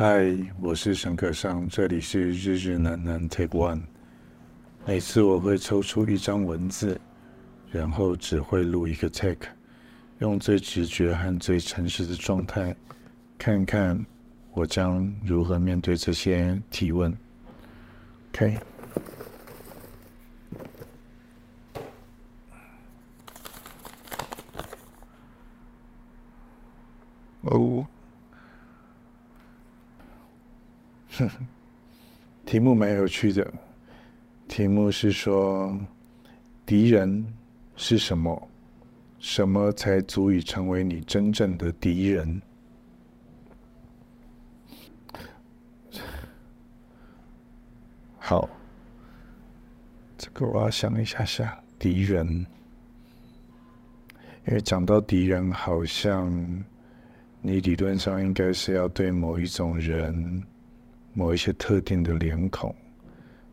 嗨，Hi, 我是沈可尚，這裡是日日難難 Take One。每次我會抽出一張文字，然後只會錄一個 Take，用最直覺和最誠實的狀態，看看我將如何面對這些提問。OK。呵呵，題目蠻有趣的，題目是說，敵人是什麼？什麼才足以成為你真正的敵人？好，這個我要想一下下。敵人，因為講到敵人，好像你理論上應該是要對某一種人。某一些特定的臉孔，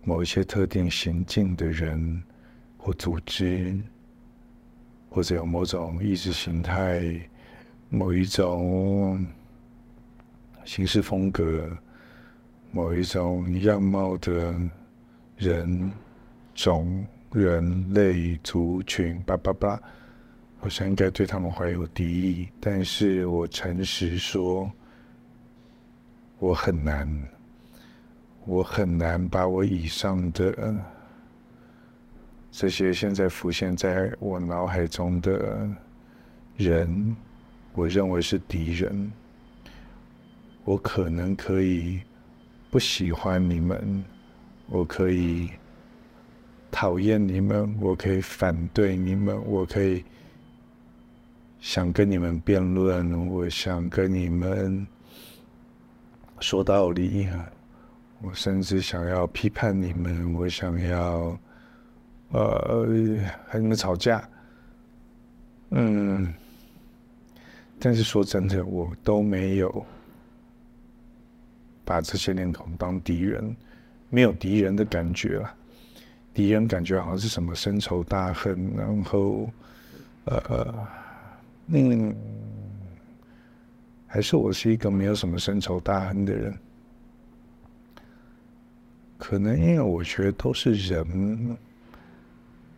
某一些特定行徑的人或組織，或者有某種意識形態、某一種形式風格、某一種樣貌的人種、人類族群，叭叭叭，我想應該對他們懷有敵意。但是我誠實說，我很難。我很難把我以上的這些現在浮現在我腦海中的人，我認為是敵人。我可能可以不喜歡你們，我可以討厭你們，我可以反對你們，我可以想跟你們辯論，我想跟你們說道理。我甚至想要批判你們，我想要，呃，和你們吵架，嗯，但是說真的，我都沒有把這些念頭當敵人，沒有敵人的感覺了啊，敵人感覺好像是什麼深仇大恨，然後，呃，嗯，還是我是一個沒有什麼深仇大恨的人。可能因為我覺得都是人，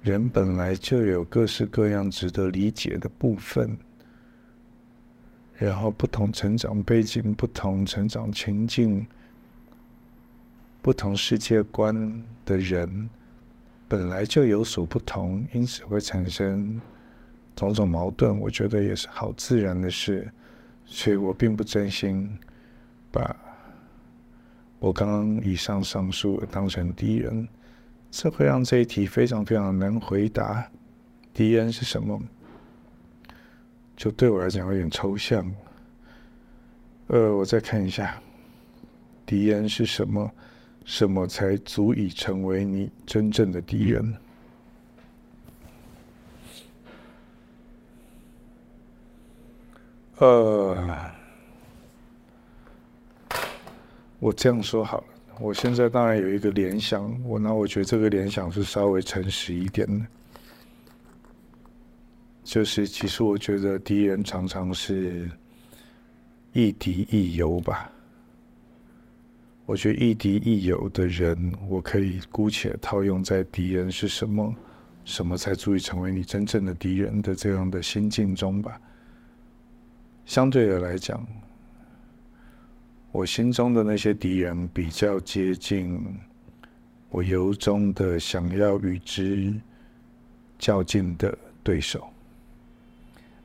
人本來就有各式各樣值得理解的部分，然後不同成長背景、不同成長情境、不同世界觀的人本來就有所不同，因此會產生種種矛盾，我覺得也是好自然的事，所以我並不真心把。我剛剛以上上述當成敵人，這會讓這一題非常非常難回答。敵人是什麼？就對我來講有點抽象。呃，我再看一下，敵人是什麼？什麼才足以成為你真正的敵人？呃、嗯。嗯我這樣說好了，我現在當然有一個聯想，我那我覺得這個聯想是稍微誠實一點的，就是其實我覺得敵人常常是亦敵亦友吧。我覺得亦敵亦友的人，我可以姑且套用在敵人是什麼、什麼才足以成為你真正的敵人的這樣的心境中吧。相對的來講。我心中的那些敵人，比較接近我，由衷的想要與之較勁的對手。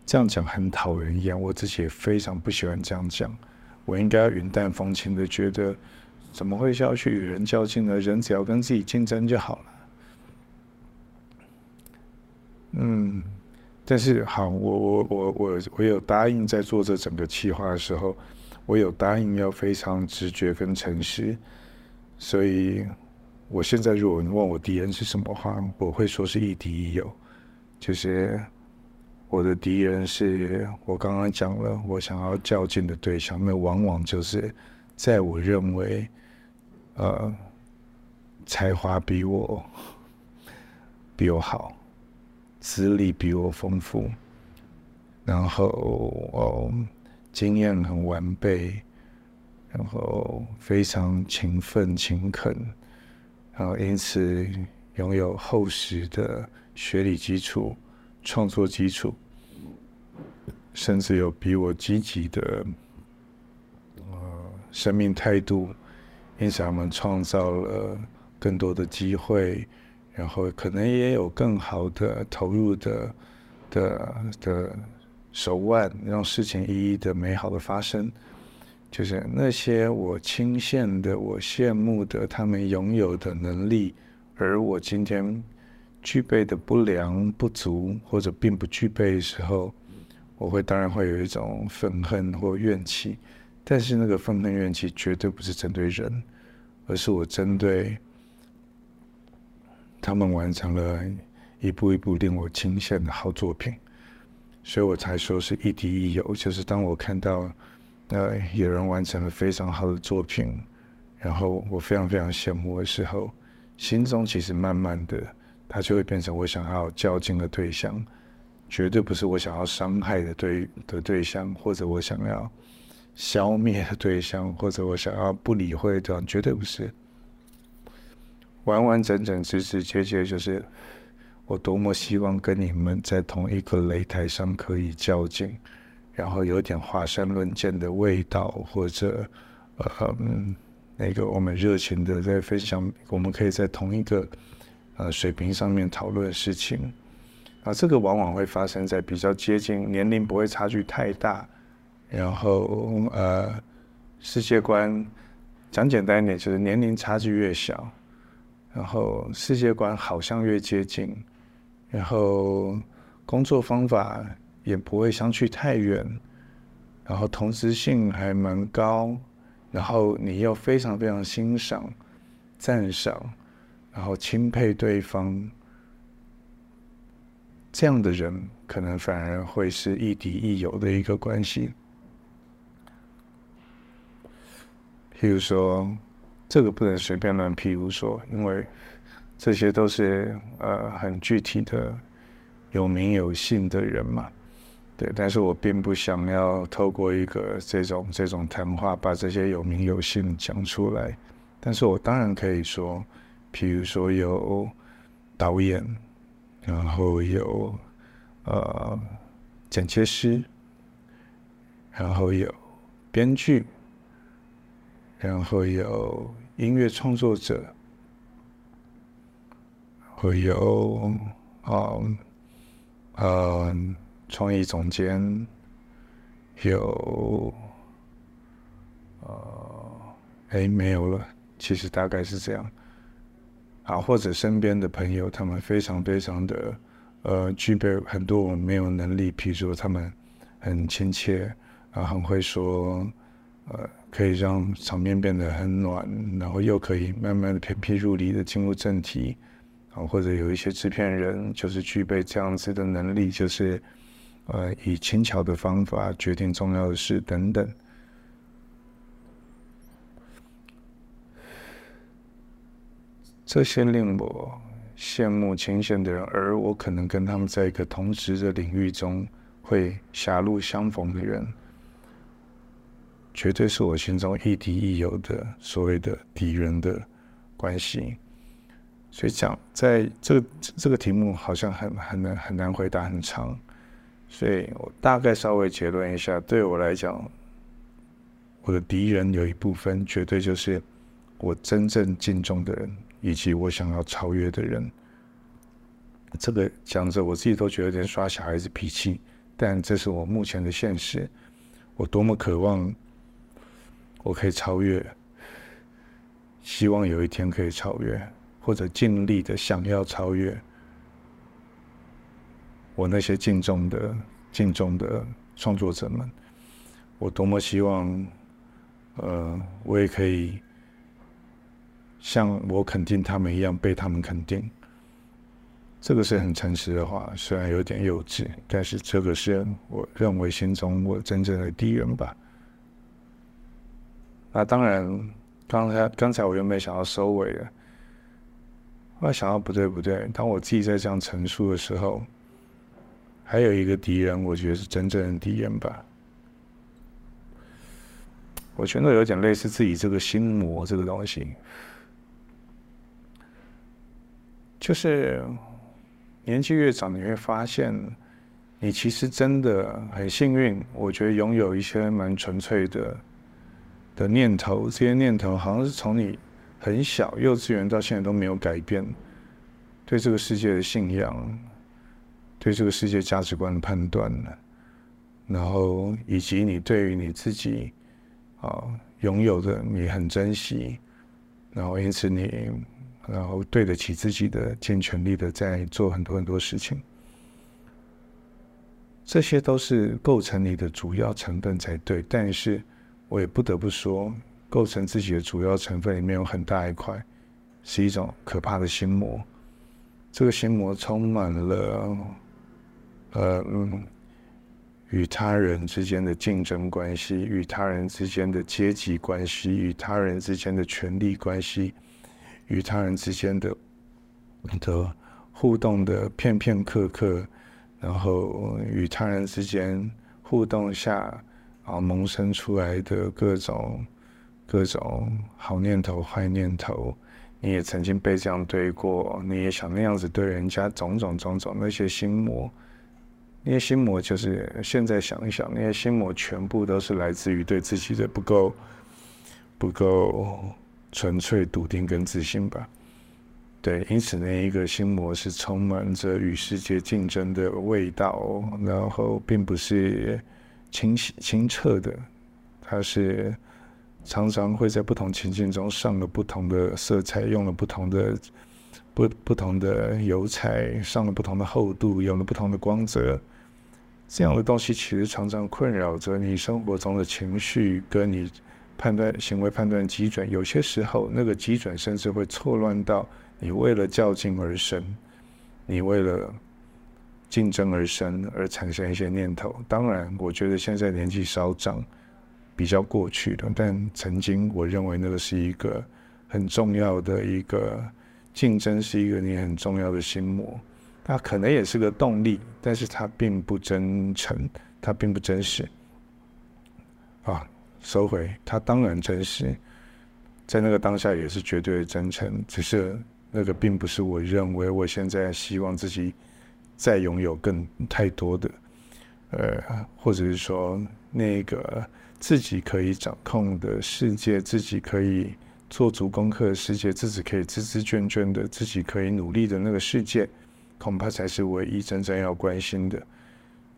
這樣講很討人厭，我自己也非常不喜歡這樣講。我應該要雲淡風輕的覺得，怎麼會要去與人較勁呢？人只要跟自己競爭就好了。嗯，但是好，我我我我我有答應在做這整個企劃的時候。我有答應要非常直覺跟誠實，所以我現在，如果你問我敵人是什麼話，我會說是亦敵亦友，就是我的敵人是我剛剛講了，我想要較勁的對象，那往往就是在我認為，呃，才華比我比我好，資歷比我豐富，然後哦。經驗很完備，然後非常勤奮勤懇，然後因此擁有厚實的學理基礎、創作基礎，甚至有比我積極的，呃，生命態度，因此他們創造了更多的機會，然後可能也有更好的投入的的的。的手腕讓事情一一的美好的發生，就是那些我欽羨的、我羨慕的他們擁有的能力，而我今天具備的不良不足或者並不具備的時候，我會當然會有一種憤恨或怨氣，但是那個憤恨怨氣絕對不是針對人，而是我針對他們完成了一部一部令我欽羨的好作品。所以我才說是亦敵亦友，就是當我看到呃有人完成了非常好的作品，然後我非常非常羨慕的時候，心中其實慢慢的，他就會變成我想要較勁的對象，絕對不是我想要傷害的對的對象，或者我想要消滅的對象，或者我想要不理會的。絕對不是，完完整整、直直接接就是。我多麼希望跟你們在同一個擂台上可以較勁，然後有點華山論劍的味道，或者呃、嗯，那個我們熱情的在分享，我們可以在同一個呃水平上面討論的事情。啊，這個往往會發生在比較接近年齡，不會差距太大，然後、嗯、呃，世界觀講簡單一點，就是年齡差距越小，然後世界觀好像越接近。然後工作方法也不會相去太遠，然後同時性還蠻高，然後你要非常非常欣賞、讚賞，然後欽佩對方，這樣的人可能反而會是亦敵亦友的一個關係。譬如說，這個不能隨便亂，譬如說，因為。這些都是呃很具體的有名有姓的人嘛，對。但是我並不想要透過一個這種這種談話把這些有名有姓講出來，但是我當然可以說，比如說有導演，然後有呃剪接師，然後有編劇，然後有音樂創作者。有啊呃，創意總監有呃，哎，沒有了。其實大概是這樣。啊，或者身邊的朋友，他們非常非常的呃，具備很多我沒有能力，比如說他們很親切啊，很會說呃，可以讓場面變得很暖，然後又可以慢慢的鞭辟入裡的進入正題。啊，或者有一些製片人就是具備這樣子的能力，就是呃以輕巧的方法決定重要的事等等，這些令我羨慕、欽羨的人，而我可能跟他們在一個同時的領域中會狹路相逢的人，絕對是我心中亦敵亦友的所謂的敵人的關係。所以講，在這個、這個題目好像很很難很難回答，很長。所以我大概稍微結論一下，對我來講，我的敵人有一部分絕對就是我真正敬重的人，以及我想要超越的人。這個講着我自己都覺得有點耍小孩子脾氣，但這是我目前的現實。我多麼渴望，我可以超越，希望有一天可以超越。或者盡力的想要超越我那些敬重的、敬重的創作者們，我多麼希望，呃，我也可以像我肯定他們一樣被他們肯定。這個是很誠實的話，雖然有點幼稚，但是這個是我認為心中我真正的敵人吧。那當然，剛才剛才我又沒想到收尾了。我想到，不對不對，當我自己在這樣陳述的時候，還有一個敵人，我覺得是真正的敵人吧。我覺得有點類似自己這個心魔這個東西，就是年紀越長，你會發現，你其實真的很幸運，我覺得擁有一些蠻純粹的的念頭，這些念頭好像是從你。很小，幼稚園到現在都沒有改變，對這個世界的信仰，對這個世界價值觀的判斷呢，然後以及你對於你自己，啊、哦，擁有的你很珍惜，然後因此你，然後對得起自己的，盡全力的在做很多很多事情，這些都是構成你的主要成分才對。但是我也不得不說。構成自己的主要成分裡面有很大一塊，是一種可怕的心魔。這個心魔充滿了，呃，嗯，與他人之間的競爭關係，與他人之間的階級關係，與他人之間的權力關係，與他人之間的的互動的片片刻刻，然後與他人之間互動下啊萌生出來的各種。各種好念頭、壞念頭，你也曾經被這樣對過，你也想那樣子對人家，種種種種那些心魔，那些心魔就是現在想一想，那些心魔全部都是來自於對自己的不夠、不夠純粹、篤定跟自信吧。對，因此那一個心魔是充滿着與世界競爭的味道，然後並不是清晰清澈的，它是。常常會在不同情境中上了不同的色彩，用了不同的不不同的油彩，上了不同的厚度，有了不同的光澤。這樣的東西其實常常困擾着你生活中的情緒，跟你判斷行為判斷的基準。有些時候，那個基準甚至會錯亂到你為了較勁而生，你為了競爭而生而產生一些念頭。當然，我覺得現在年紀稍長。比較過去的，但曾經我認為那個是一個很重要的一個競爭，是一個你很重要的心魔。它可能也是個動力，但是它並不真誠，它並不真實。啊，收回它，當然真實，在那個當下也是絕對的真誠。只是那個並不是我認為，我現在希望自己再擁有更太多的，呃，或者是說那個。自己可以掌控的世界，自己可以做足功課的世界，自己可以孜孜卷卷的，自己可以努力的那個世界，恐怕才是唯一真正要關心的。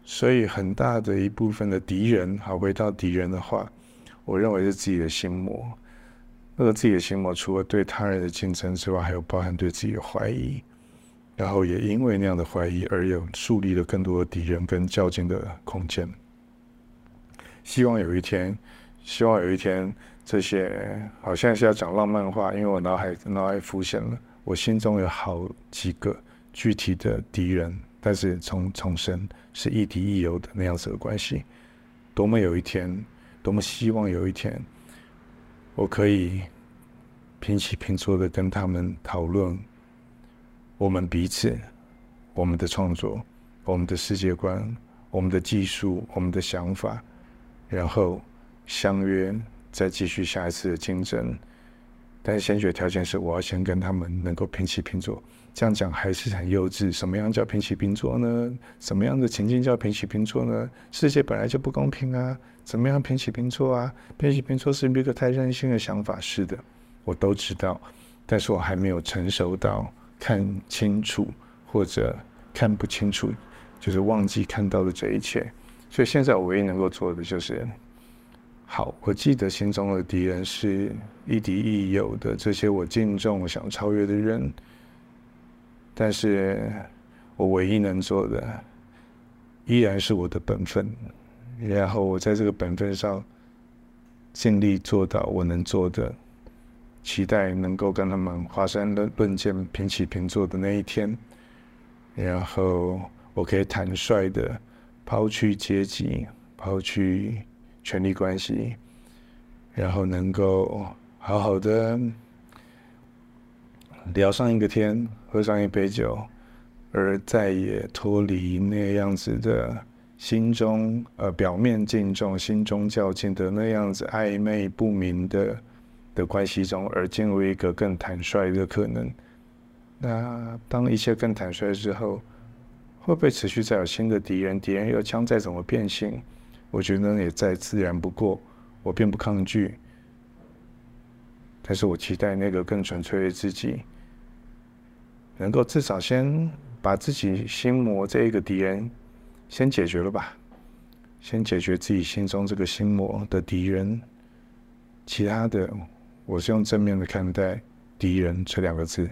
所以，很大的一部分的敵人，好，回到敵人的話，我認為是自己的心魔。那個自己的心魔，除了對他人的競爭之外，還有包含對自己的懷疑，然後也因為那樣的懷疑，而有樹立了更多的敵人跟較勁的空間。希望有一天，希望有一天，這些好像是要講浪漫話，因為我腦海腦海浮現了，我心中有好幾個具體的敵人，但是從重生是亦敵亦友的那樣子的關係。多麼有一天，多麼希望有一天，我可以平起平坐的跟他們討論我們彼此、我們的創作、我們的世界觀、我們的技術、我們的想法。然後相約再繼續下一次的競爭，但是先決條件是我要先跟他們能夠平起平坐。這樣講還是很幼稚。什麼樣叫平起平坐呢？什麼樣的情境叫平起平坐呢？世界本來就不公平啊，怎麼樣平起平坐啊？平起平坐是一個太任性的想法，是的，我都知道，但是我還沒有成熟到看清楚，或者看不清楚，就是忘記看到的這一切。所以現在我唯一能夠做的就是，好，我記得心中的敵人是亦敵亦友的這些我敬重、我想超越的人，但是我唯一能做的依然是我的本分，然後我在這個本分上盡力做到我能做的，期待能夠跟他們華山論論劍、平起平坐的那一天，然後我可以坦率的。拋去階級，拋去權力關係，然後能夠好好的聊上一個天，喝上一杯酒，而再也脫離那樣子的心中呃、表面敬重、心中較勁的那樣子曖昧不明的的關係中，而進入一個更坦率的可能。那當一切更坦率之後。會不會持續再有新的敵人？敵人又將再怎麼變形？我覺得也再自然不過，我並不抗拒。但是我期待那個更純粹的自己，能夠至少先把自己心魔這一個敵人先解決了吧，先解決自己心中這個心魔的敵人。其他的，我是用正面的看待“敵人”這兩個字。